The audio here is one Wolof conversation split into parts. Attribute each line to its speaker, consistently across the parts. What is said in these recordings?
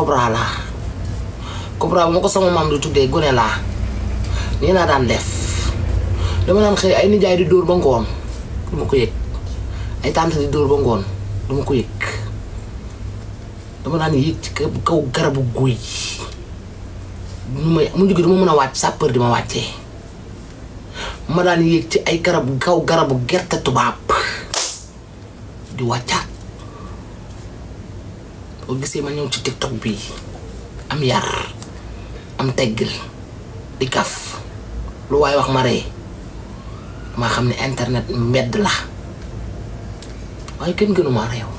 Speaker 1: Cobra laa Cobra bu ma ko sama maam di tuddee gone laa nii naa daan def dama daan xëy ay nijaay di dóor ba ngoon du ma ko yëg ay tànt di dóor ba ngoon du ma ko yëg dama daan yëg ci kaw garabu guy ñu may mujj gi mën a wàcc sàppër di ma wàccee ma daan yéeg ci ay garab kaw garabu gerte tubaab di wàccaat boo gisee ma ñëw ci tiktok bii am yar am teggil di kaf lu waay wax ma rey maa xam ne internet mbedd la waaye kenn gënumaa réew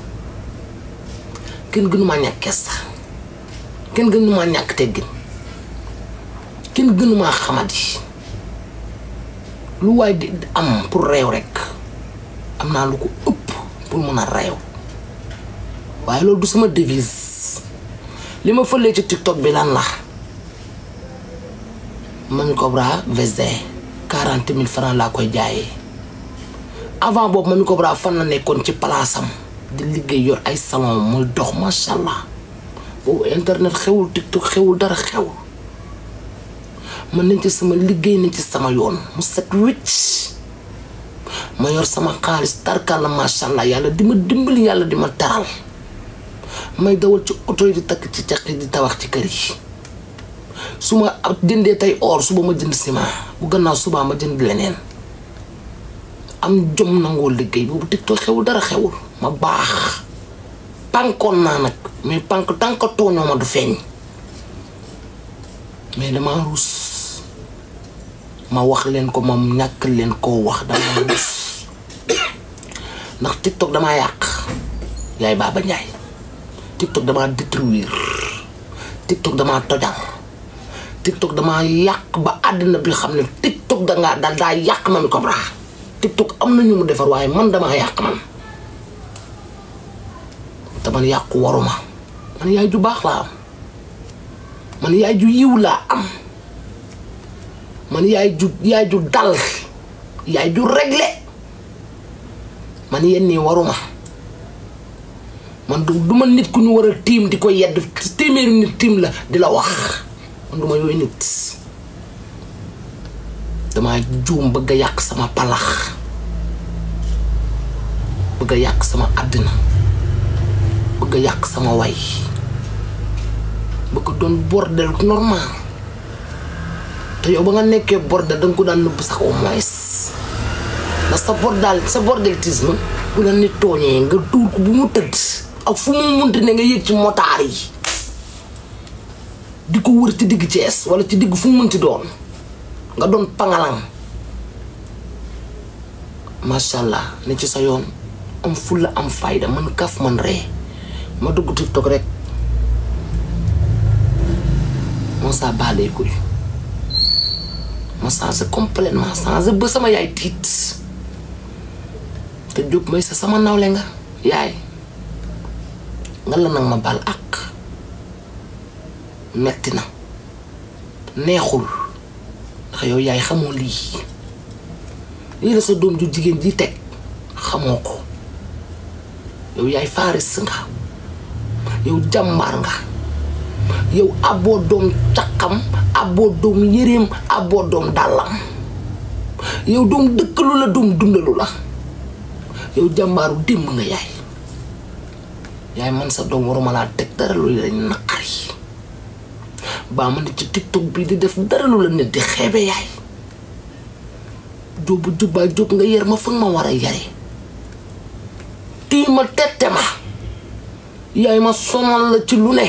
Speaker 1: kenn gënumaa ñàkk kersa kenn gënumaa ñàkk teggin kenn gënumaa xamadi lu waay di am pour réew rekk am naa lu ko ëpp pour mën a réew waaye loolu du sama devise li ma fëlee ci tiktok bi lan la Mamy Cobra Vezin quarante mille francs laa koy jaayee avant boobu Mamy Cobra fan na nekkoon ci palaasam di liggéey yor ay salon muy dox macha allah boobu internet xewul tiktok xewul dara xew man nañ ci sama liggéey nañ ci sama yoon mu set wicc ma yor sama xaalis tarkal la macha allah yàlla di ma dimbali yàlla di ma taral may dawal ci oto yi di takk ci caq yi di tawax ci kër yi su ma jëndee tey or suba ma jënd ciment bu gannaaw subaa ma jënd leneen am jom nangoo liggéey boobu TikTok xewul dara xewul ma baax pànkoon naa nag mais pànk tànkatoo ñoo ma du feeñ mais damaa ruus ma wax leen ko ma ñàkk leen ko wax damaa ruus ndax TikTok damaa yàq yaay Baba Ndiaye TikTok damaa détruire TikTok damaa tojal TikTok damaa yàq ba àddina bi xam ne TikTok dangaa daal daa yàq rax Cobra TikTok am na ñu mu defar waaye man damaa yàq man te man yàqu waruma man yaay ju baax laa am man yaay ju yiw laa am man yaay ju yaay ju dal yaay ju réglé man yenn nii waruma man ma nit ku ñu war a tiim di ko yedd téeméeri nit tiim la di la wax man du yooyu nit damaa juum bëgg a yàq sama palax bëgg a yàq sama àddina bëgg a yàq sama way bëgg doon bordel normal te yow ba nga nekkee bordel danga ko daan nëbb sax au ndax sa bordel sa bordeltisme bu la nit tooñee nga duur ko bu mu tëdd ak fu mu munti ne nga yëg ci motaar yi di ko wër ci digg Cees wala ci digg fu mu munti doon nga doon pangalang macha allah ne ci sa yoon am fulla am fayda man kaf man ree ma dugg tiktok rek moo saa baalee kuy ma changé complètement changé ba sama yaay tiit te jóg may sa sama nawle nga yaay nga la nag ma baal àq metti na neexul ndax yow yaay xamoo lii lii sa doom ju jigéen ji teg xamoo ko yow yaay faaris nga yow jàmbaar nga yow aboo doom caqam aboo doom yëreem aboo doom dàllam yow doom dëkkalu la doom dundalu la yow jàmbaaru démb nga yaay yaay man sa doom waruma laa teg dara lu la naqari baa ma ne ci tiktok bii di def dara lu la nit di xeebe yaay jóobu jubbaa jóob nga yar ma fan ma war a yare tii ma tette ma yaay ma sonal la ci lu ne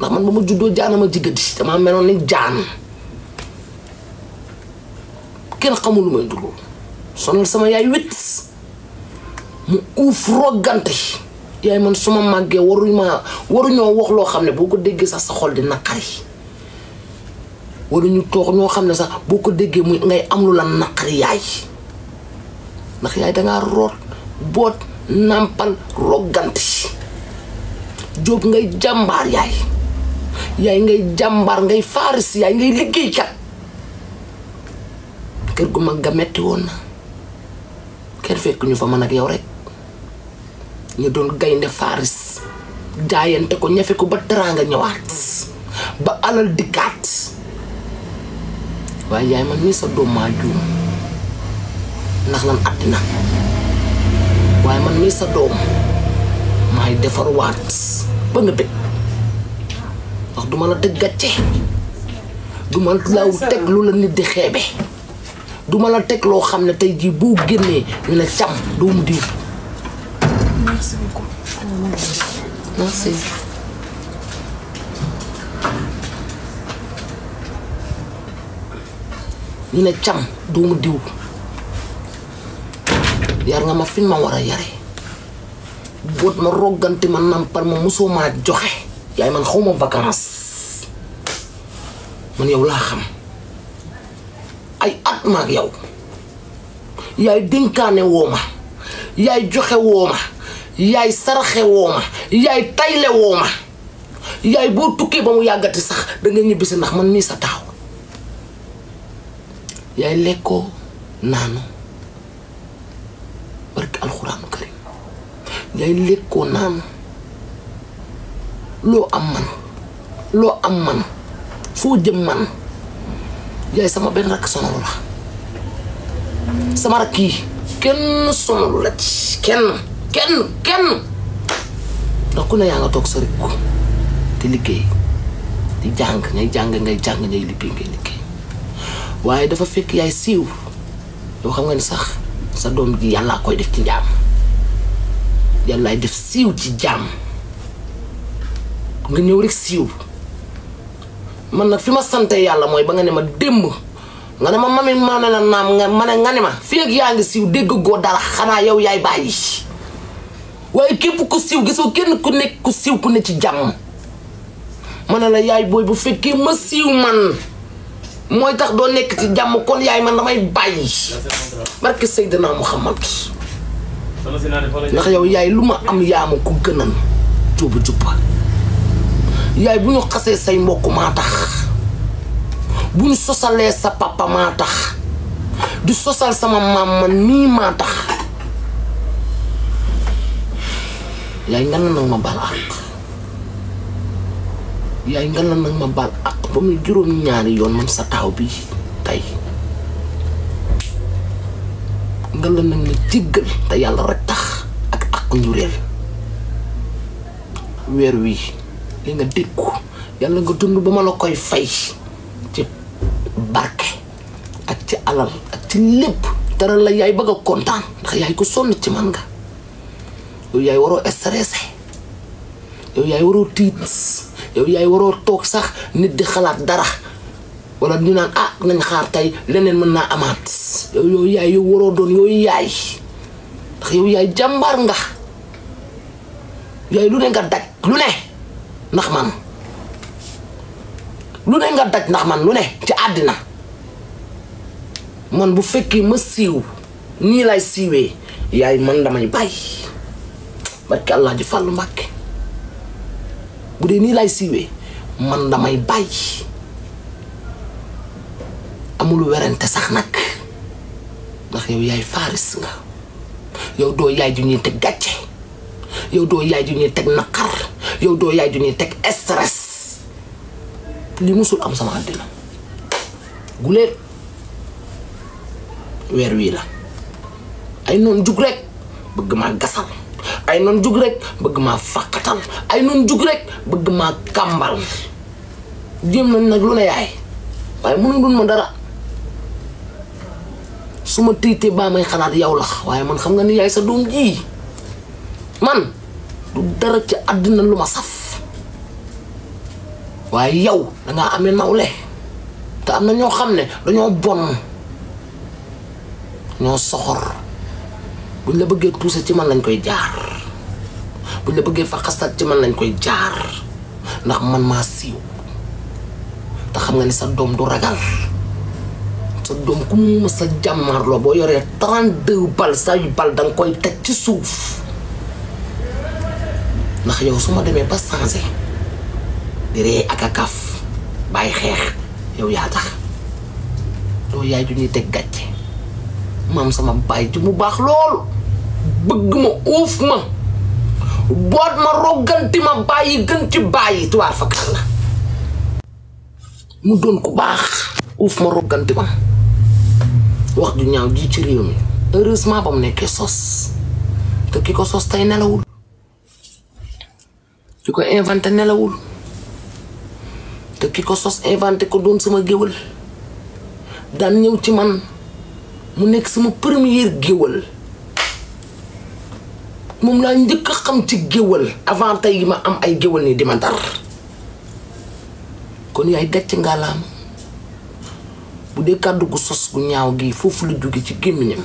Speaker 1: ndax man ba ma juddoo jaanama jigadi damaa meloon ni jaan kenn xamul lu may dugg sonal sama yaay wit mu uuf roggante yaay man su ma màggee waruñ ma waruñoo wax loo xam ne boo ko déggee sax sa xol di naqari waruñu toox ñoo xam ne sax boo ko déggee mu ngay am lu la naqari yaay ndax yaay dangaa root boot nàmpal rogganti jóob ngay jàmbaar yaay yaay ngay jàmbaar ngay faaris yaay ngay liggéeykat kër gu mag ga metti woon na kenn fekk ñu fa man ak yow rek ñu doon gaynde faris jaayante ko ñafe ko ba teraanga ñëwaat ba alal dikkaat waaye yaay man mii sa doom maa juum ndax lan àddina waaye man mii sa doom maay defarwaat ba nga bëgg ndax du ma la teg gàcce du ma law teg lu la nit di xeebe du la teg loo xam ne tey jii boo génnee ñu ne cam doomu diw Merci beaucoup. Merci. ne cam doomu diw yar nga ma fi ma war a yare boot ma rogganti ma nampal ma mosoo maa joxe yaay man xaw ma vacances man yow laa xam ay at maak yow yaay dénkaane woo ma yaay joxe woo ma yaay saraxe woo ma yaay tayle ma yaay boo tukkee ba mu yàggati sax danga ñibbi ñibbisi ndax man nii sa taaw yaay lekkoo naanu barki alxuraanu karim yaay lekkoo naanu loo am man loo am man foo jëm man yaay sama benn rakk sonalu la sama rakk yi kenn sonalu la ci kenn kenn kenn ndax ku ne yaa nga toog sori ko te liggéey di jàng ngay jàng ngay jàng ngay liggéey waaye dafa fekk yaay siiw yoo xam nga ne sax sa doom ji yàllaa koy def ci jaam yàllaay def siiw ci jaam nga ñëw rek siiw man nag fi ma sante yàlla mooy ba nga ne ma démb nga ne ma mami ma ne la naam nga ma ne nga ne ma fi ak yaa ngi siiw dégg goo dara xanaa yow yaay bàyyi waaye képp ko siiw gisoo kenn ku nekk ku siiw ku ne ci jàmm ma la yaay booy bu fekkee ma siiw man mooy tax doo nekk ci jàmm kon yaay man damay bàyyi barke Seydina Muhammad ndax yow yaay lu ma am yaama ku gënan jóoba jubba yaay bu ñu xasee say mbokk maa tax bu ñu sosalee sa papa maa tax du sosal sama maam man nii maa tax yaay nga na nag ma baal àq nag ma baal ba muy juróom-ñaari yoon man sa taaw bi tey nga la nag ma jéggal te yàlla rek tax ak àq njureel weer wii li nga déggu yàlla nga dund ba ma la koy fay ci barke ak ci alal ak ci lépp dara la yaay bëgg a kontaan ndax yaay ko sonn ci man nga yow yaay waroo stressé yow yaay waroo tiit yow yaay waroo toog sax nit di xalaat dara wala ñu naan ah nañ xaar tey leneen mën naa amaat yow yow yaay yow waroo doon yow yaay ndax yow yaay jàmbaar nga yaay lu ne nga daj lu ne ndax man lu ne nga daj ndax man lu ne ci àddina man bu fekkee ma siiw nii lay siiwee yaay man damay bàyyi barki allah ji fàllu mbàkke bu dee nii laay siiwee man damay bàyyi amul werante sax nag ndax yow yaay faaris nga yow doo yaay ju ñuy teg gàcce yow doo yaay ju ñuy teg naqar yow doo yaay ju ñuy teg stress li musul am sama àddina guléet weer wii la ay noon jug rek bëgg maa gasal ay noon jug rek bëgg maa fàqatal ay noon jug rek bëgg maa kàmbal jéem nañ nag lu ne yaay waaye mënuñu ma dara su ma tiitee baa may xalaat yow la waaye man xam nga ni yaay sa doom ji man du dara ci àddina lu ma saf waaye yow dangaa amee nawle te am na ñoo xam ne dañoo bon ñoo soxor buñ la bëggee tuuse ci man lañ koy jaar buñ la bëggee fa xasal ci man lañ koy jaar ndax man maa siiw te xam nga ni sa doom du ragal sa doom ku mu sa jàmmaarloo boo yoree 32 bal say bal danga koy teg ci suuf ndax yow su ma demee ba changé di ree ak a kaf bàyyi xeex yow yaa tax yow yaay ju ñuy teg gàcce maam sama bàyyi ji mu baax lool bëgg ma uuf ma boot ma rogganti ma bàyyi gën ci bàyyi tubaar fakar la mu doon ku baax uuf ma rogganti ma wax ju ñaaw ji ci réew mi heureusement ba mu nekkee sos te ki ko sos tey nelawul ki ko inventé nelawul te ki ko sos inventé ko doon sama géwal daan ñëw ci man mu nekk sama première géwal moom laa njëkk xam ci géwal avant tey ma am ay géwal nii di ma dar kon yaay gàcc ngalaam bu dee kàddu gu sos gu ñaaw gi foofu la jóge ci gémmiñam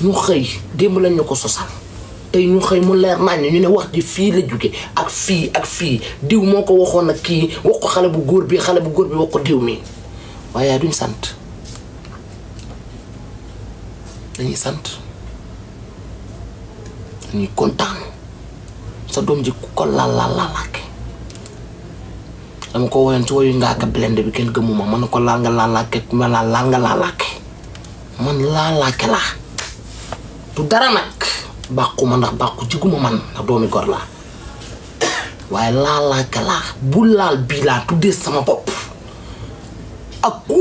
Speaker 1: ñu xëy démb lañu ko sosal tey ñu xëy mu leer nañ ñu ne wax ji fii la jóge ak fii ak fii diw moo ko waxoon ak kii wax ko xale bu góor bi xale bu góor bi wax ko diw mi waaye duñ sant dañuy sant dañuy kontaan sa doom ji ko laal laal laalaake dama ko woyoon ci woyu ngaa ka blende bi kenn gëmuma man ko laal nga laalaake ku ma laal laal nga laalaake man laa du dara nag bàqu ma ndax bàqu jiguma man ndax doomi gor laa waaye laalaake laa bu laal bii laa tuddee sama bopp ak ku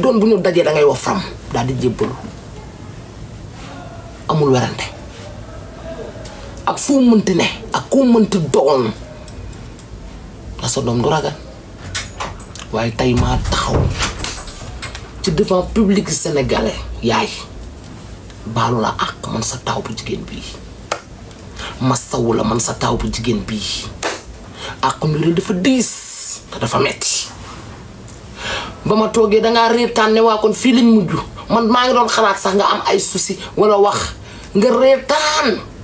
Speaker 1: doon bu ñu dajee dangay wax faram daal di jébbalu amul werante ak foo mënti ne ak koo mënti doon na sa doom du ragal waaye tey maa taxaw ci devant public sénégalais yaay baalu la àq man sa taaw bu jigéen bi ma sawu man sa taaw bu jigéen bii àq ñu dafa diis te dafa metti ba ma toogee dangaa reetaan ne waa kon fii lañ mujj man maa ngi doon xalaat sax nga am ay souci walla wax nga reetaan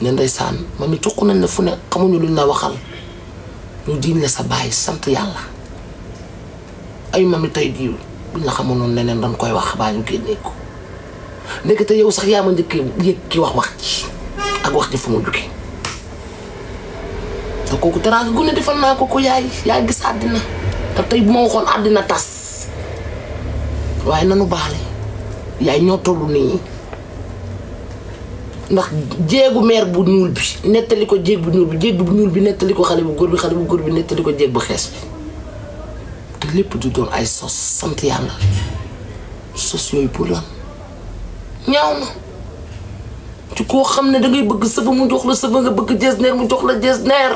Speaker 1: ne saan man mi tuq nañ la fu ne xamuñu luñ la waxal ñu diim la sa baay sant yàlla ay mam mi tey jii buñ la xamuloon leneen dañ koy wax baa ñu génnee ko nekk te yow sax yaa ma njëkk yëg ki wax wax ci ak wax ci fu mu jóge te kooku teraanga gune defal naa ko ko yaay yaay gis àddina te tey bu ma waxoon àddina tas waaye nanu baale yaay ñoo tollu nii ndax jéegu meer bu nuul bi nettali ko jéeg bu ñuul bi jéeg bu ñuul bi nettali ko xale bu góor bi xale bu góor bi nettali ko jéeg bu xees bi te lépp du doon ay sos sant yàlla sos yooyu pour koo xam ne dangay bëgg sëfa mu jox la sëfa nga bëgg jesneer mu jox la jesneer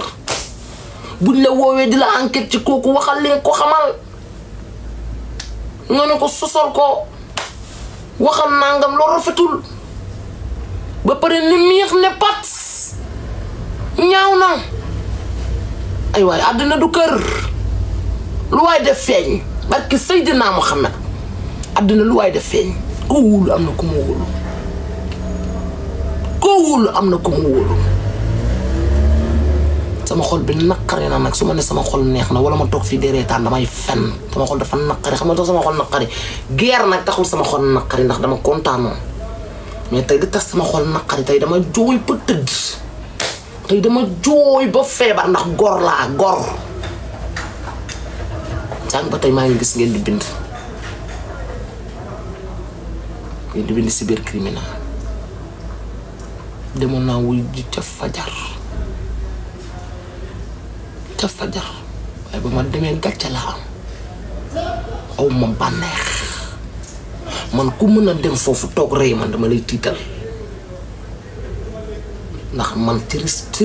Speaker 1: buñ la woowee di la enquête ci kooku waxal li nga ko xamal nga ne ko sosal ko waxal nangam loo rafetul ba pare ni miix ne pat ñaaw na ay waay àddina du kër lu waay def feeñ barki xam Muhammad àddina lu waay def feeñ koo wóolu am na ko mu wóolu am na ku mu sama xol bi naqari na nag su ma ne sama xol neex na wala ma toog fii dereetaan damay fen sama xol dafa naqari xam nga sama xol naqari guerre nag taxul sama xol naqari ndax dama kontaanoon mais tey di tas sama xol naqari tey dama jooy ba tëdd tey dama jooy ba feebar ndax gor laa gor sànq ba tey maa ngi gis ngeen di bind ngeen di bind cybercriminel demoon naa wuy ji ca fajar ca fajar waaye ba ma demee gàcce laa am aw ma bànneex man ku mën a dem foofu toog rey man dama lay tiital ndax man ci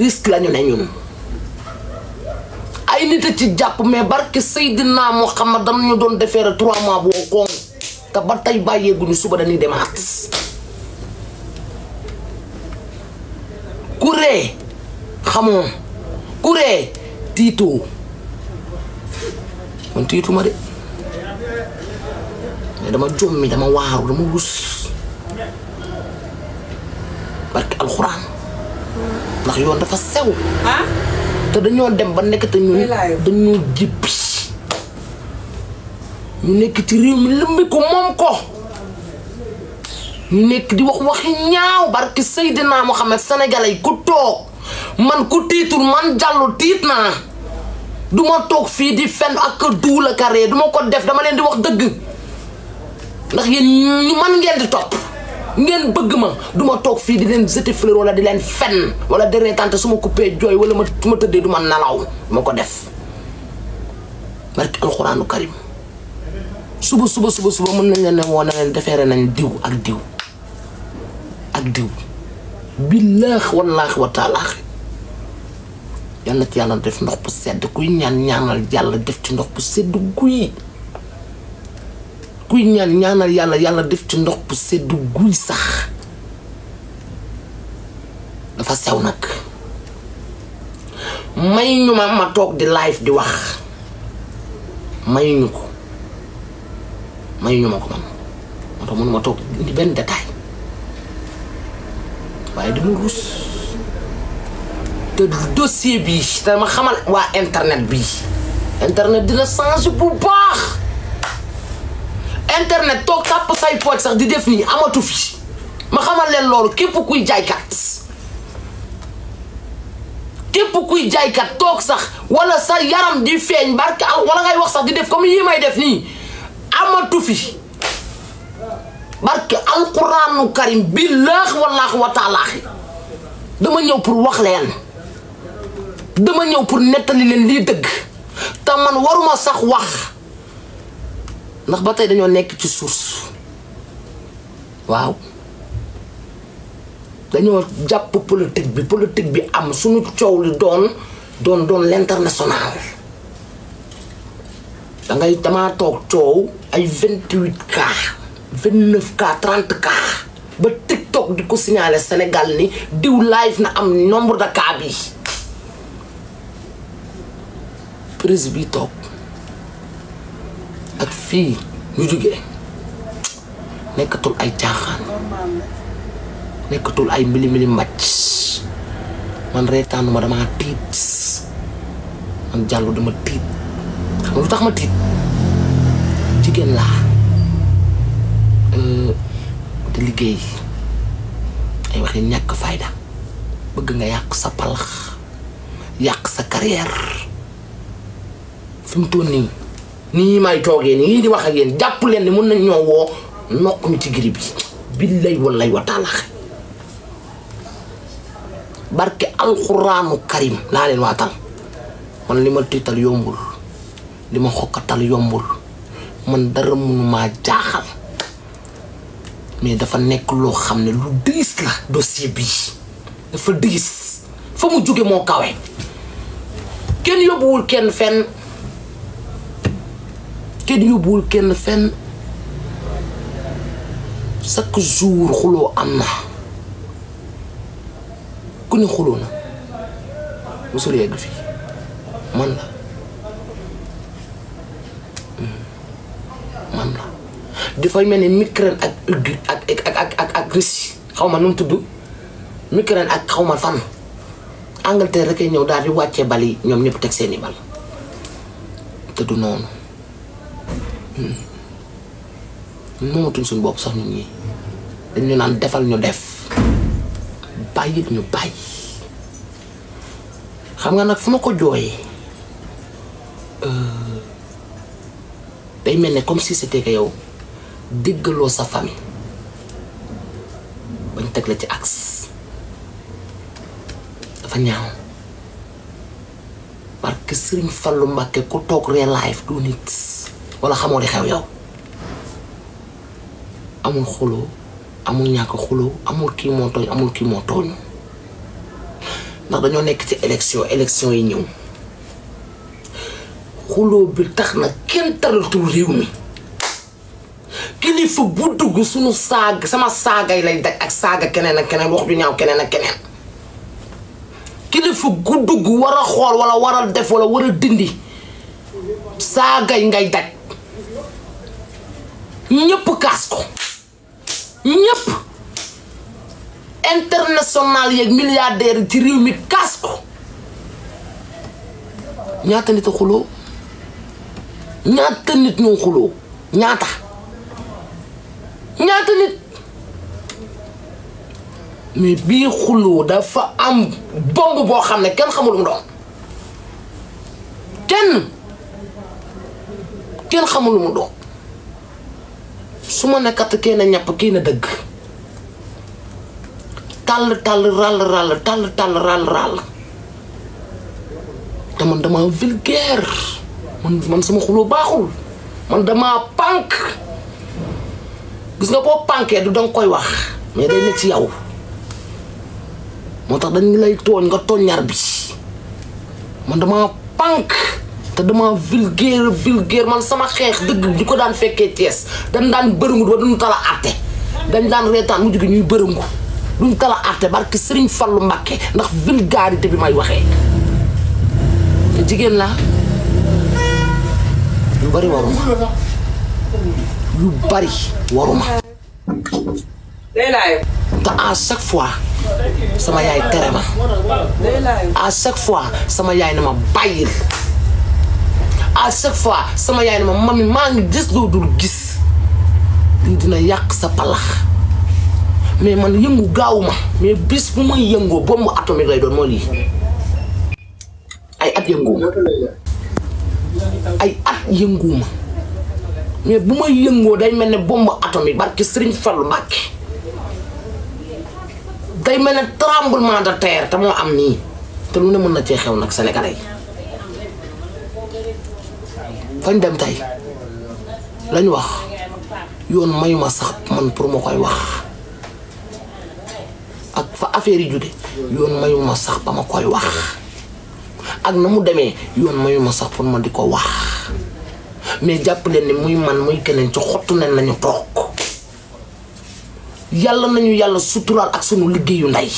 Speaker 1: risque ci la ñu ne ñun ay nit a ci jàpp mais barke Seydina Muhammad dañu doon defeere trois mois boo koŋ te ba tey bàyyeeguñu suba dañuy demaat ku ree xamoo ku tiitoo man tiituma de dama jommi dama waaru dama rus barke alxuraan ndax yoon dafa sew ah? te dañoo dem ba nekk te ñu nekk ci réew mi lëmbi ko moom ko ñu nekk di wax waxi ñaaw barke Seydina Mohamed senegal yi ku toog man ku tiitul man jàllu tiit naa duma toog fii di fen ak duula carré duma ko def dama leen di wax dëgg ndax yéen ñu man ngeen di topp ngeen bëgg ma duma toog fii di leen jeter fleur wala di leen fen wala di reetante su ma coupé jooy wala ma su ma tëddee du ma nalaw ma ko def barki alxuraanu karim suba suba suba suba mën nañ leen ne woo na leen nañ diw ak diw ak diw billaax wallaax wa taalaax na ci yàlla def ndox bu sedd kuy ñaan ñaanal yàlla def ci ndox bu sedd guy kuy ñaan ñaanal yàlla yàlla def ci ndox bu sedd guy sax dafa sew nag may ñu ma ma toog di live di wax may ñu ko may ñu ma ko man moo tax mënuma toog indi benn détail waaye dama ruus te dossier bii dama xamal waa internet bi internet dina changé bu baax internet toog tàpp say pooj sax di def nii amatu fi ma xamal leen loolu képp kuy jaaykat képp kuy jaaykat toog sax wala sa yaram di feeñ barka walla ngay wax sax di def comme yii may def nii amatu fi barke alquraanu karim billaax wallaax wa taalaaxi dama ñëw pour wax leen dama ñëw pour nettali leen lii dëgg te man waruma sax wax ndax ba tey dañoo nekk ci source waaw dañoo jàpp politique bi politique bi am suñu coow li doon doon doon l'international dangay damaa toog coow ay vingt-huit cas vingt-neuf cas trente cas ba TikTok di ko signaler Sénégal ni diw live na am nombre de cas bi prise bi toog ak fii ñu jógee nekkatul ay caaxaan nekkatul ay mbili mbili màcc man reetaanu damaa tiit man jàllu dama tiit xam lu tax ma tiit jigéen laa te euh, liggéey ay waxi ñàkk fayda bëgg nga yàq sa palax yàq sa carrière fi mu nii nii may toogee nii di wax ak yéen jàpp leen ni mun nañ ñoo woo nokk ñu ci grippe bi billay wallay wa taala barke alxuraanu karim laa leen waatal man li ma tiital yombul li ma xokkatal yombul man dara mënumaa jaaxal mais dafa nekk loo xam ne lu diis la dossier bii dafa diis fa mu jóge moo kawe kenn yóbbuwul kenn fenn kenn yóbbuwul kenn fenn chaque jour xuloo am na ku ne xuloo na mosul yegg fii man la hmm. man la dafay mel ni Ukraine ak ak ak ak ak Russie xaw ma nu mu tudd Ukraine ak xaw ma fan Angleterre rek ñëw daal di wàccee bali ñoom ñëpp teg seeni bal te noonu. Hmm. moomatul suñu bopp sax ñun ñi dañu naan defal ñu def bàyyit ñu bàyyi xam nga nag fu ma ko jooyee euh, day mel ni comme si c'était que yow déggaloo sa famille bañ teg la ci axe dafa ñaaw parce que Serigne Fallou Mbacké ko toog real life du nit wala xamoo li xew yow amul xuloo amul ñàkk xuloo amul kii moo tooñ amul kii moo ndax dañoo nekk ci élection élection yi ñëw xuloo bi tax na kenn taratul réew mi kilifa bu dugg suñu saag sama saagay lay daj ak saaga keneen ak keneen wax ju ñaaw keneen ak keneen kilifa gu dugg war a xool wala war a def wala war a dindi saagay ngay daj ñëpp kaas ko ñëpp international yeeg milliardaire ci réew mi kaas ko ñaata nit a xuloo ñaata nit ñoo xuloo ñaata ñaata nit mais bii xuloo dafa am bomb boo xam ne kenn xamul mu doon kenn kenn xamul mu doon su ma nekkat kee na ñàpp kii na dëgg tàll tàll ràll ràll tàll tàll ràll ràll te man dama vulgaire man sama xuloo baaxul man dama pànk gis nga boo pànkee du danga koy wax mais day nekk ci yow moo tax dañ lay tooñ nga tooñ ñaar bi man dama pànk te dama vulgaire vulgaire man sama xeex dëgg ñu ko daan fekkee tees dañ daan bërëngu ba duñu tala àtte dañ daan reetaan mu jóge ñuy bërëngu duñu tala àtte barki Serigne Fallou Mbacké ndax vulgarité bi may waxee jigéen la yu bari waruma yu bari waruma te à chaque fois sama yaay tere ma à chaque fois sama yaay na ma bàyyil à chaque fois sama yaay ne ma mami maa ngi gis loo dul gis lii dina yàq sa palax mais man yëngu ma mais bis bu may yëngoo bombu atomique lay doon moo lii ay at yënguuma ay at yënguuma mais bu may yëngoo day mel ni bombu atomie barki Sëriñ Fallu Mbàkke day mel ne tremblement de terre te moo am nii te lu ne mën na cee xew nag sénégalais fañ dem tey lañ wax yoon mayuma sax man pour ma koy wax ak fa affaire yi yoon mayuma sax ba ma koy wax ak na mu demee yoon mayuma sax pour ma di ko wax mais jàpp leen ni muy man muy keneen ci xottu nen nañu toog yàlla nañu yàlla suturaal ak sunu liggéeyu ndey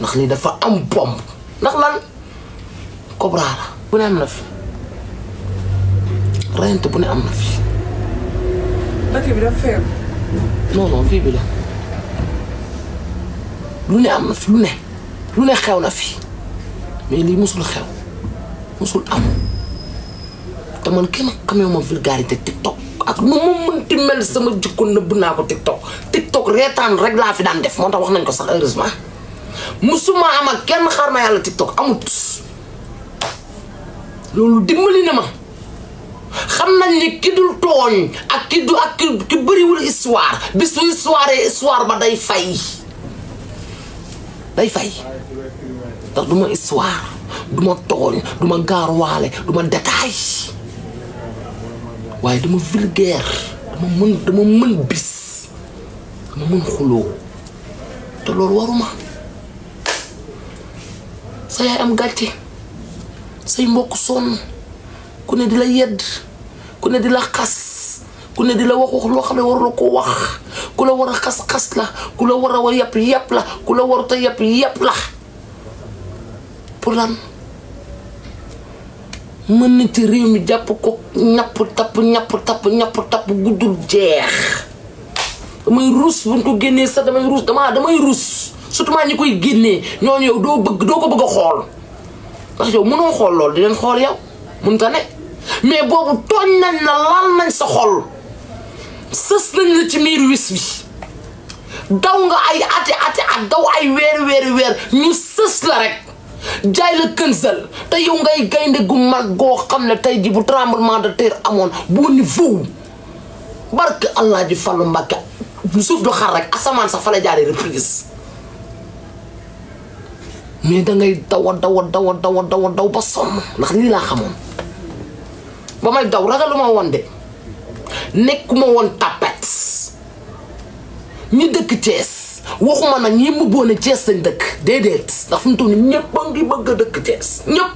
Speaker 1: ndax lii dafa am bomb ndax lan Cobra bu ne am na fi rayante bu ne am na fii. dëkk bi bi la lu ne am na lu ne lu ne xew na fii mais lii musul xew musul am te man kenn xamee ma vulgarité TikTok ak nu mu mënti mel sama jikko nëbb naa ko TikTok TikTok reetaan rek laa fi daan def moo tax wax nañ ko sax heureusement musuma am ak kenn xaar ma yàlla TikTok amut loolu dimbali na ma. xam nañ ni ki dul tooñ ak ki du ak ki bëriwul histoire bis bu histoire histoire ba day fay day fay ndax du ma histoire duma ma tooñ du ma gaaruwaale du ma waaye dama vulgaire dama mën dama mën bis dama mën xuloo te loolu waruma sa yaay am gàcce say mbokk sonn ku ne di la yedd ku ne di la xas ku ne di la wax wax loo xam ne war la ko wax ku la war a xas-xas la ku la war a war yàpp yàpp la ku la warut a yàpp yàpp la pour lan mën na ci réew mi jàpp ko ñapp tapp ñapp tapp ñapp tapp guddul jeex damay ruus buñ ko génnee sax ruus damaa damay ruus surtout maa ñi koy génnee ñooñu yow doo bëgg doo ko bëgg a xool ndax yow mënoo xool loolu di leen xool yow mënta ne mais boobu tooñ nañ na laal nañ sa xol sës nañ la ci miir wis bi daw nga ay ati ati at daw ay weer weer ñu sës la rek jaay la kënsal te yow ngay gaynde gu mag goo xam ne tey ji bu tremblement de terre amoon boo niveau barke allah ji Fallu Mbàkke suuf du xar rek asamaan sax fa la jaaree reprise mais dangay dawa dawa dawa dawa dawa daw ba sonn ndax lii laa xamoon ba may daw ragaluma woon de nekkuma woon tapet ñu dëkk Thiès waxuma nag ñi mu boone Thiès lañ dëkk déedéet ndax fu mu toll nii bëgg a dëkk Thiès ñëpp.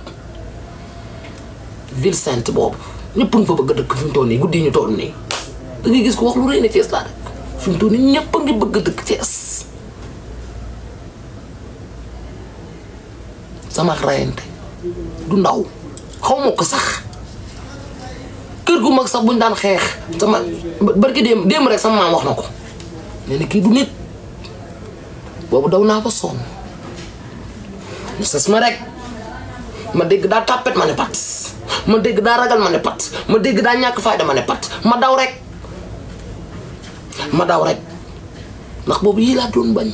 Speaker 1: boobu ñëpp ñu fa bëgg a dëkk fi nii guddi ñu toll nii da gis ko wax lu rëy ne fi mu toll ñëpp a ngi bëgg a dëkk Thiès. sama rayante du ndaw xaw ma ko sax. gu mag sax buñ daan xeex sama barki démb démb rek sama maam wax na ko nee kii du nit boobu daw naa ko sonn ñu ma rek ma dégg daa tàppet ma ne pat ma dégg daa ragal ma ne pat ma dégg daa ñàkk fayda ma ne pat ma daw rek ma daw rek ndax boobu yii laa doon bañ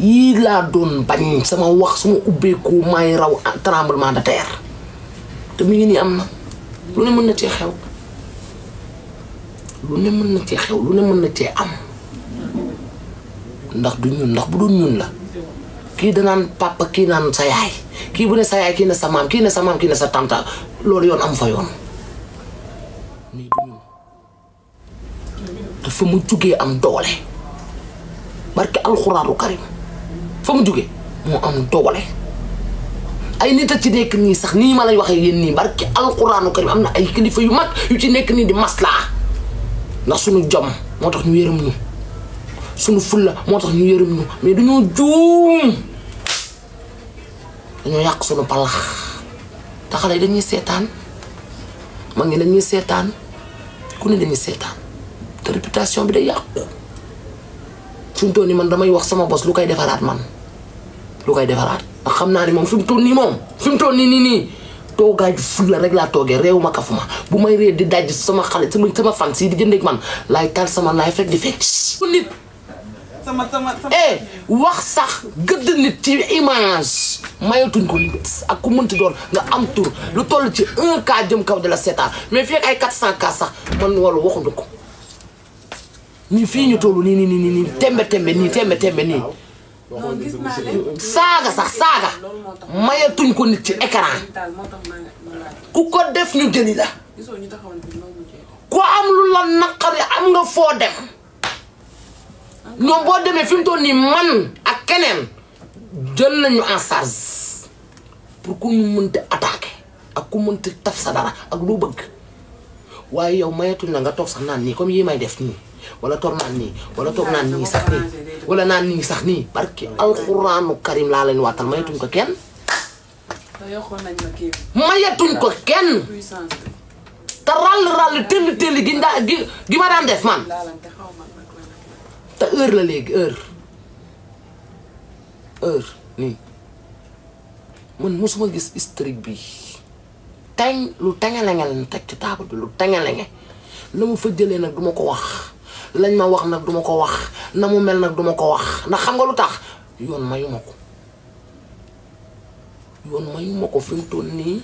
Speaker 1: yii laa doon bañ sama wax suma ubbeeku may raw tremblement de terre te mi ngi nii am na lu ne mën na cee xew lu ne mën na cee xew lu ne mën na cee am ndax du ñun ndax bu du ñun la kii danaan papa kii naan sa yaay kii bu ne sa yaay kii ne sa maam kii ne sa maam kii ne sa tàntaal loolu yoon am fa yoon mais du ñun dafa mu jugee am doole barke alxuraanu karim fa mu jugee mu am doole ay nit ci nekk nii sax nii ma lay waxee yéen nii barki alquraanu karim am na ay kilifa yu mag yu ci nekk nii di maslaa ndax suñu jom moo tax ñu yërëm ñu suñu fulla moo tax ñu yërëm ñu mais dañoo juum dañoo yàq suñu palax te xale yi dañuy seetaan mag ñi dañuy seetaan ku ne dañuy seetaan te réputation bi day yàqu suñu toon yi man damay wax sama bos lu koy defaraat man lu koy defaraat ba xam naa ne moom fi mu toll nii moom fi mu toll nii nii nii toogaay ful la rek laa toogee réew ma kafuma bu may réer di daj sama xale sama sama fan si di jëndeeg man laay taal sama laay fekk di eh, wax sax gëdd nit mayatuñ ko ku mënti doon nga am tur lu toll ci kaw di la seetaan mais fii ak ay 400 sax man wala waxuñu ko. ni fii ñu toll nii nii nii nii tembe tembe nii tembe tembe nii. saaga sax saaga mayatuñ ko nit ci écran ku ko def ñu jëli la ku am lu la naqari am nga foo dem ñoom boo demee fi mu toll nii man ak keneen jël nañu en charge pour ku ñu mënta attaqué ak ku mënta taf sa dara ak lu bëgg waaye yow mayatuñ la nga toog sax naan nii comme yii may def nii wala toog nii wala toog naan nii sax nii wala naan nii sax nii barki alxuraanu karim laa leen waatal mayetuñ ko kenn mayetuñ ko kenn te ràll ràll tëll tëll gi ndaa gi gi ma daan def man te heure la léegi heure heure nii man mosuma gis historique bi tañ lu taŋelenge la teg ci taabal bi lu ma fa jëlee nag duma ko wax lañ ma wax nag duma ko wax na mu mel nag duma ko wax ndax xam nga lu tax yoon mayu ma ko yoon mayu ma ko fi nii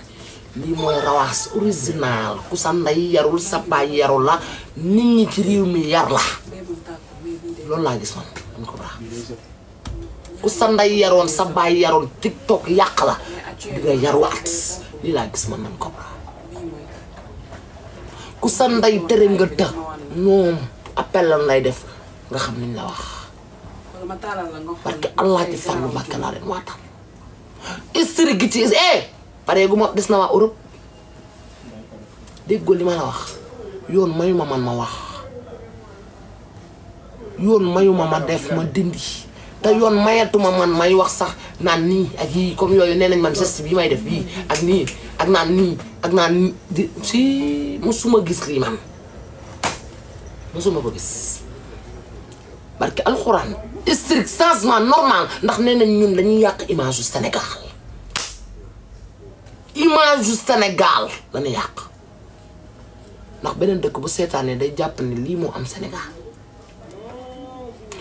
Speaker 1: lii mooy rawaas original ku sa ndey yarul sa baay yarul la nit ñi ci réew mi loolu laa gis ku sa ndey yaroon sa baay yaroon yàq la di nga yaruwaat lii laa gis man nañ ko baax ku sa ndey tere nga të ñoom appel lan lay def nga xam niñ la wax. parce que allah ci fàllu Mbàkke laa leen waatal. historique gi ci eh pare gu ma des na waa Europe déggoo li ma la wax yoon mayu ma man ma wax yoon mayu ma def ma dindi te yoon mayatuma man may wax sax naan nii ak yii comme yooyu ne nañ man geste bii may def bii ak nii ak naan nii ak naan nii di si gis lii man. mosuma ko gis parce que alxuraan strict changement normal ndax nee nañ ñun lañuy yàq image yu Sénégal image yu Sénégal lañu yàq ndax beneen dëkk bu seetaanee day jàpp ni lii moo am Sénégal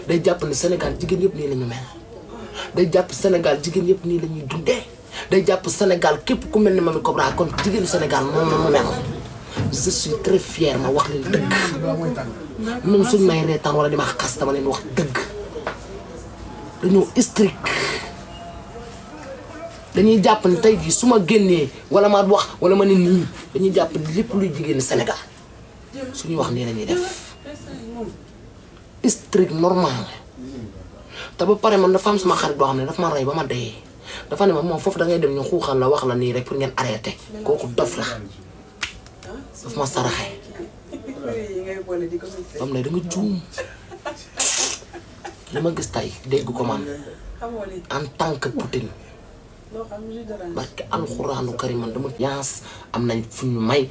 Speaker 1: day jàpp ni Sénégal jigéen yëpp nii la ñu mel jàpp Sénégal jigéen yëpp nii la ñuy dundee day jàpp Sénégal képp ku mel ni Mamy Cobra kon jigéenu Sénégal moom la mu mel. je suis ma wax leen dëgg même suñ may reetaan wala di ma xas dama leen wax dëgg dañoo strict dañuy jàpp ni tey jii su ma génnee wala ma wax wala ma ne nii dañuy jàpp ne lépp luy jigéen Sénégal suñuy wax nii lañuy def strict normal te ba pare man dafa am sama xarit boo xam ne dafa ma rey ba ma dee dafa ne ma moom foofu da ngay dem ñu xuuxal la wax la nii rek pour ngeen arrêté kooku dof la. daf ma saraxee. am na juum li gis tey dégg ko man en tant que Poutine parce que alxuraanu karim man dama yaas am nañ fu ñu may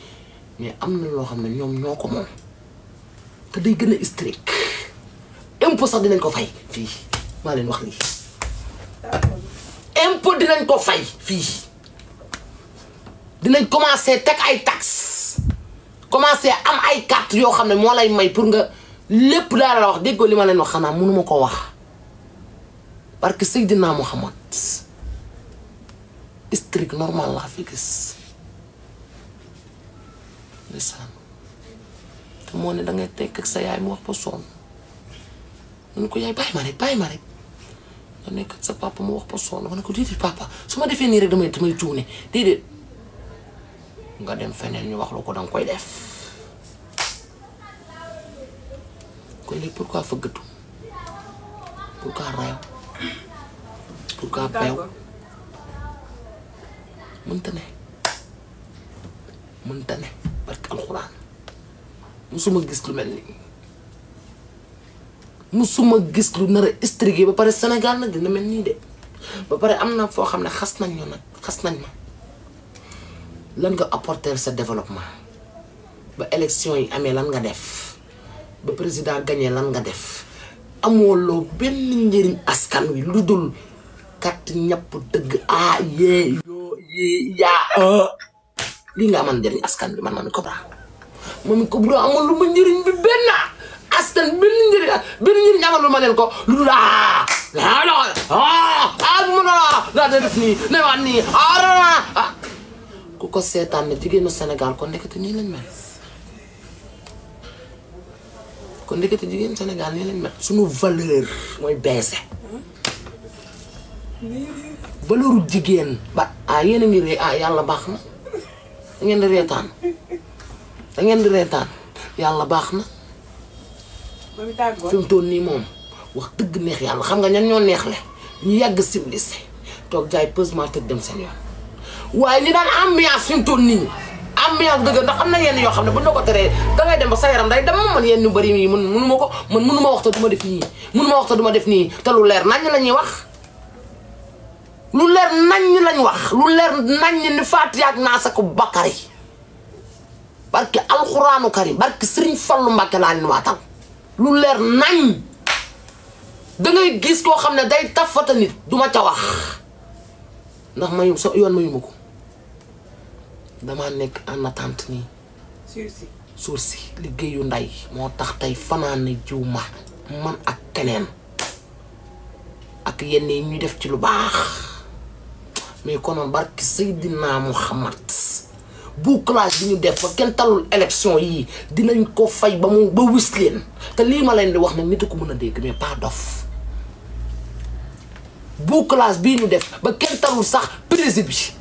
Speaker 1: mais am na loo xam ne ñoom ñoo ko moom te day gën a historique impôt sax dinañ ko fay fii maa leen wax lii impôt dinañ ko fay fii dinañ commencé teg ay tax commencé am ay carte yoo xam ne moo lay may pour nga lépp daal la wax déggoo li ma leen wax xanaa mënuma ko wax parce que Seydina Muhammad strict normal laa fi gis te moo ne dangay tekk ak sa yaay mu wax ba sonn mun ko yaay bàyyi ma rek bàyyi ma rek nga nekk sa papa mu wax ba sonn ma ko déedéet papa su ma defee nii rek damay damay juune déedéet nga dem feneen ñu wax la ko danga koy def kon léegi pourquoi fëggatu pourquoi reew pourquoi beew mënta ne mënta ne barke alxuraan musuma gis lu mel nii musuma gis lu nar a estrigué ba pare Sénégal nag dina mel nii de ba pare am na foo xam ne xas nañ ñu nag xas nañ ma lan nga apporter sa développement ba élection yi amee lan nga def ba président gagné lan nga def loo benn njëriñ askan wi lu dul kat ñapp dëgg a ah, yee yoo yee yaa ah. lii nga amal njëriñ askan bi man Mamy Cobra Mamy Cobra amal lu ma njëriñ bi benn askan benn njëriñ benn lu ma leen ko lu dul ah ah ah bu ma la daa def nii ne waat nii ah, ah. ku ko seetaan ne jigéenu Sénégal ko ndekete nii lañ mel kon ndekete jigéenu Sénégal nii lañ mel suñu valeur mooy baissé valeuru jigéen ba ah yéen a ngi ree ah, yàlla baax na da ngeen di reetaan da di reetaan yàlla baax na fi mu toll nii moom wax dëgg neex yàlla xam nga ñan ñoo neexle ñu yàgg civilisé toog jaay peusement tëj dem seen yoon waaye ñi daan ambiance fi mu toll nii ambiance dëgg ndax am na yenn yoo xam ne bu ñu ko teree dangay dem ba sa yaram day dem man yenn ñu bëri yi man mënu ma ko man mënu ma wax te du ma def nii wax te du ma nii te lu leer nañ la ñuy wax. lu leer nañ lañ wax lu leer nañ ni Faatiha ak Naas ak Bakari barki alxuraanu karim barki Sëriñ Fallu Mbàkke laa leen waatal lu leer nañ dangay gis koo xam ne day tafata nit duma ma ca wax ndax mayu sa yoon mayu ma ko damaa nekk en attente nii. sursi si liggéeyu nday moo tax tey fanaane jiw ma man ak keneen ak yenn yi ñuy def ci lu baax mais konoon barki Seydina Muhammad bouclage bi ñu def fa kenn talul élection yii dinañ ko fay ba mu ba wis leen te lii ma leen di wax nag nit a ko mën a dégg mais par dof bouclage bii ñu def ba kenn talul sax président bi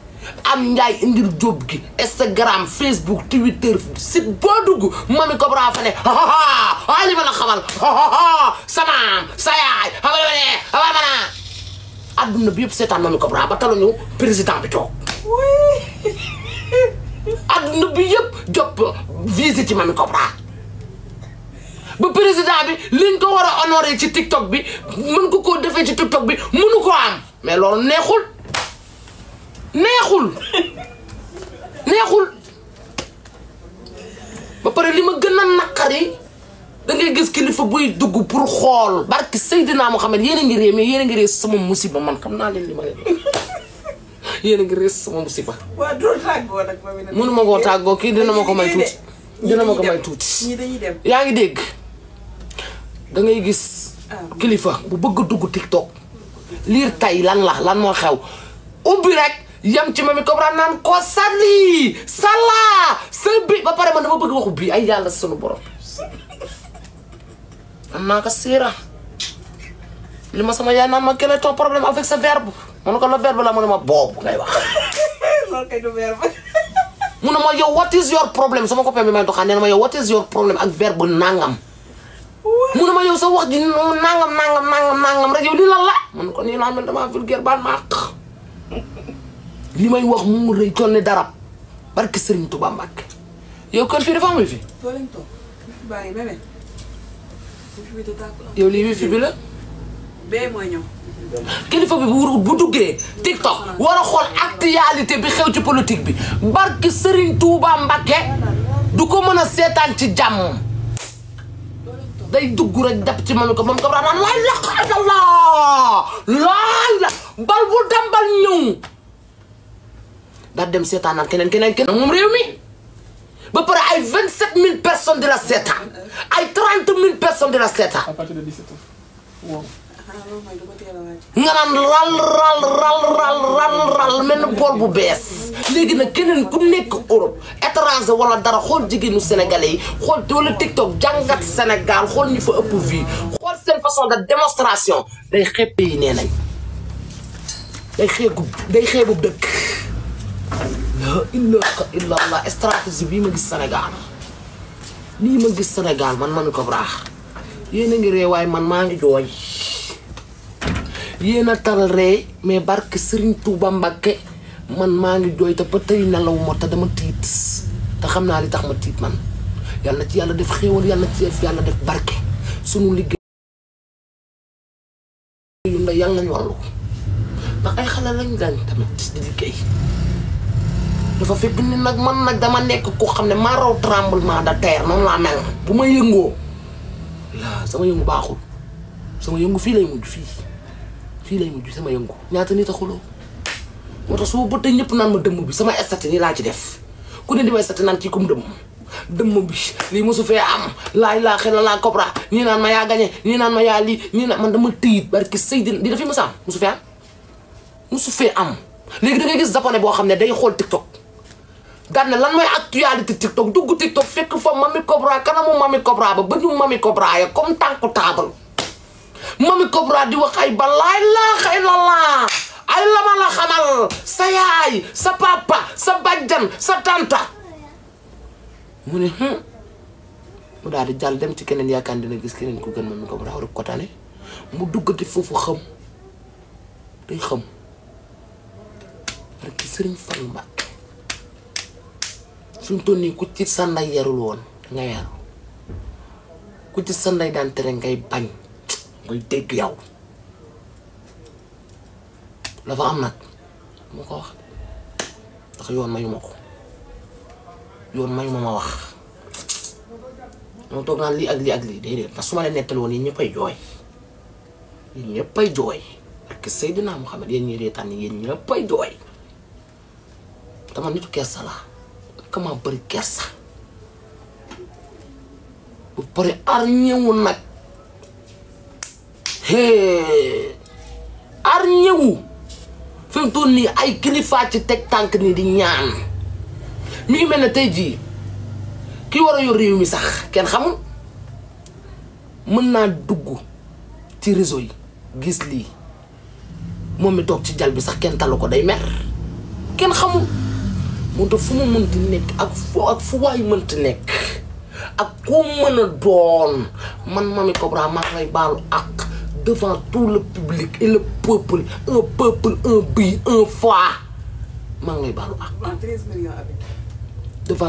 Speaker 1: am Ndiaye indil Diop gi Instagram Facebook Twitter site boo dugg mami Cobra fa ne ah li ma la xamal samaam sa yaay xamal ma ne xamal ma naa. adduna bi yëpp seetaan mami Cobra ba taluñu président bi toog. adduna bi yëpp jop visite ci mami Cobra ba président bi liñ ko war a honoré ci TikTok bi mën ko koo defee ci TikTok bi mënu ko am mais loolu neexul. neexul neexul ba pare li ma gën a naqari dangay gis kilifa buy dugg pour xool barki Seydina Mohamed yéen a ngi ree yéen a ngi ree sama musiba man xam naa leen li ma a ngi ree sama musiba. waaw doo tàggoo nag mënu ma koo tàggoo kii dina ma ko may tuuti. dina ma ko yaa ngi dégg dangay gis. Ah. kilifa bu bëgg a dugg TikTok. liir tay lan la lan moo xew ubbi rek. yam ci ma mi comprendre naan ko sali sala sa bi ba pare man dama bëgg waxu bii ay yàlla sunu borom am naa ko siira li ma sama yaay naan ma quel est ton a avec ce verbe ma ne ko la verbe la mu ne ma boobu sama copain bi ma yow what ak verbe nangam mu sa wax ji nangam nangam nangam nangam rek yow li lan la man ko nii laa mel damaa vulgaire baal ma li may wax mu rëy toll ne dara barke Serigne Touba Mbacke yow kon fii dafa amul fi. yow lii wifi bi la. bee mooy ñëw. kilifa bi bu wóorul bu duggee. TikTok war a xool actualité bi xew ci politique bi barke Serigne Touba Mbacke du ko mën a seetaan ci jàmm. day dugg rek jàpp ci mënu ko moom ko war a naan laay la xaaral laa la bal bu dem ñëw. daal dem seetaanaat keneen keneen keneen moom réew ba pare ay vingt sept mille personne di la seetaan ay trente mille personnes di la seetaan. à nga naan ral ral ral ral ral mel na bool bu bees léegi nag keneen ku nekk Europe étranger wala dara xool jigéenu sénégalais yi xool wala TikTok jàngat Sénégal xool ñu fo ëpp vie xool seen façon de démonstration day xeeb yi nee nañ day xeebu day xeebu dëkk. la ilaha illallah stratégie bii ma gis Sénégal lii ma gis Sénégal man man ko braax yéen a ngi ree man maa ngi jooy yéen a taral ree mais barke Serigne ba Mbakke man maa ngi jooy te ba tey nelaw ma te dama tiit te xam naa li tax ma tiit man yàlla ci yàlla def xéewal yàlla ci yàlla def barke sunu liggéey yu nda nañu wàllu ndax ay xale lañ liggéey dafa fekk ni nag man nag dama nekk koo xam ne maa raw tremblement de terre noonu laa mel bu ma yëngoo laa sama yëngu baaxul sama yëngu fii lay mujj fii fii lay mujj sama yëngu ñaata nit a xuloo moo tax suma bëttee ñëpp naan ma dëmm bi sama estati laa ci def ku ne di ma estati ci kum dëmm dëmm bi lii mosu fee am laa laa xel laa kobra ñii naan ma yaa gañe ñii naan ma yaa lii ñii naan man dama tëyit barki sëy di dafi mosa am mosu fee am mosu fee am léegi da ngay gis japonais boo xam ne day xool tiktok Gana lan mooy actualité TikTok dugg TikTok fekk fa Mamy Cobra kanamu Mamy Cobra ba bëñu Mamy Cobra ya comme tànku taabal Mamy Cobra di wax ay balaay la xay la laa ay lama la xamal sa yaay sa papa sa bajjan sa tanta mu ne mu daal di jàll dem ci keneen yaakaan dina gis keneen ku gën Mamy Cobra war ko tane mu duggati foofu xam day xam parce Sëriñ Fallu Mbàkke suñ toll nii ku ci sa ndey yarul woon nga yaru ku ci sa ndey daan tere ngay bañ ngay dégg yow dafa am nag mu ko wax ndax yoon mayu ma ko yoon mayu ma wax moom toog naan lii ak lii ak lii déedéet ndax su ma leen nettali woon yéen ñëppay jooy yéen ñëppay jooy ak Seydina Muhammad yéen ñi reetaan yéen ñëppay jooy dama nitu kersa la maa bëri kersa bu pare aar ñëwu nag hee aar ñëwu fi mu nii ay kilifaat ci teg tànk nii di ñaan mi ngi mel ne tey jii ki war a yor réew mi sax kenn xamul mën naa dugg ci réseau yi gis lii moom mi toog ci jal bi sax kenn talu ko day mer kenn xamul. moo de fu ma mënti nekk ak foo ak fu nekk ak koo mën a doon man Mamy Cobra maa ngi lay baalu ak devant tout le public et le peuple un peuple un but un foi maa ngi lay baalu ak devant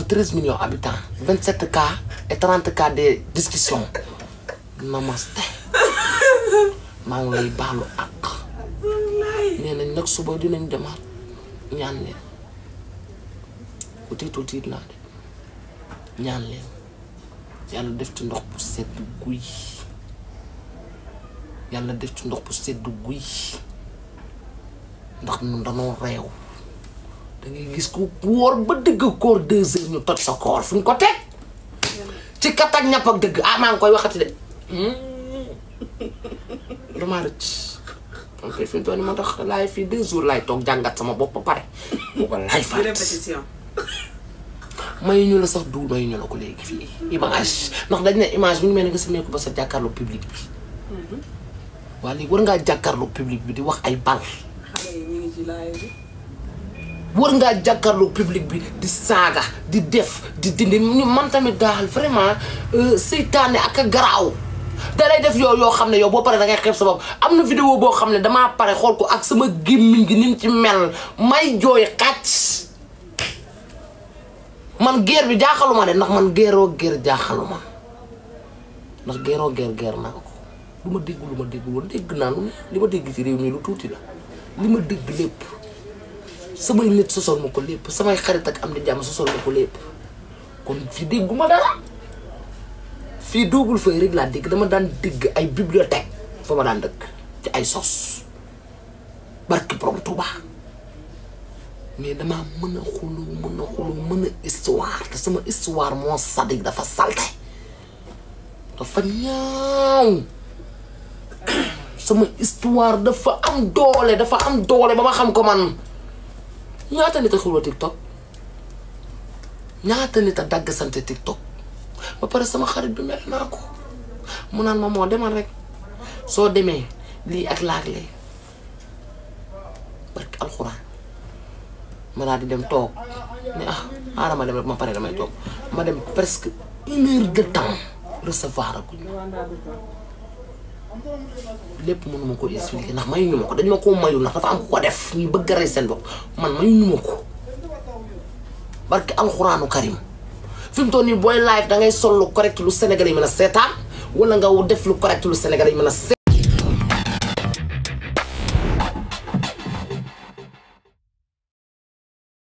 Speaker 1: treize millions habitants vingt sept cas et cas de discussion namaste ngi lay baalu nañ nag suba dinañ demaat ñaan leen ku tiitul tiit naa de ñaan leen yàlla def ci ndox bu sedd guy yàlla def ci ndox bu sedd guy ndax ñun danoo reew da gis ku wóor ba dëgg koor deux heures ñu toj sa koor fu ñu ko teg ci kat ak ñàpp ak dëgg ah maa ngi koy waxati de hmm. lu maa rëcc fi mu moo tax laay fii deux jours laay toog jàngat sama bopp ba pare bu ko laay fàtt mayuñu la sax duul mayuñu la ko léegi fii image ndax dañ ne image mi ngi mel ni nga semeeku ba sa jàkkaarloo public bi mhm. waa léegi war ngaa jàkkaarloo public bi di wax ay bal ngaa jàkkaarloo public bi di saaga di def di dindi man tamit daal vraiment euh, seytaane ak a garaaw da lay def yow yoo xam ne yow boo pare da ngay xeeb sa bopp am na vidéo boo xam ne damaa pare xool ko ak sama gémmiñ gi ni ci mel may jooy xàcc man guerre bi jaaxaluma ne ndax man guerroo guerre jaaxaluma ndax guerroo guerre guerre naa ko lu ma dégg lu ma dégg woon dégg naa lu li ma dégg ci réew mi lu tuuti la li ma dégg lépp samay nit sosol ma ko lépp samay xarit ak am di jàmm sosol ma ko lépp kon fi dégguma dara fii duubul fay rek laa dégg dama daan dégg ay bibliothèque fa ma daan dëkk ci ay sos barki borom Tuubaa mais damaa mën a xuloo mën a xuloo mën a histoire sama histoire moo sadik dafa salte dafa ñaaw sama histoire dafa am doole dafa am doole ba ma xam ko man ñaata nit a xuloo TikTok ñaata nit a dagg sante TikTok ba pare sama xarit bi mer naa ko mu naan ma moo demal rek soo demee lii ak laag lee barke ma daal di dem toog mais ah xaaral ma dem rek ma pare damay toog ma dem presque une heure de temps recevoir ak lépp mënu ma ko ki ndax mayuñu ma ko dañ ma koo mayu ndax dafa am ko def ñu bëgg a rey seen bopp man mayuñu ma ko barke alxuraanu karim fi mu toll nii booy live da ngay sol lu correct lu Sénégalais yi mën a seetaan wala nga def lu correct lu Sénégalais yi mën a seetaan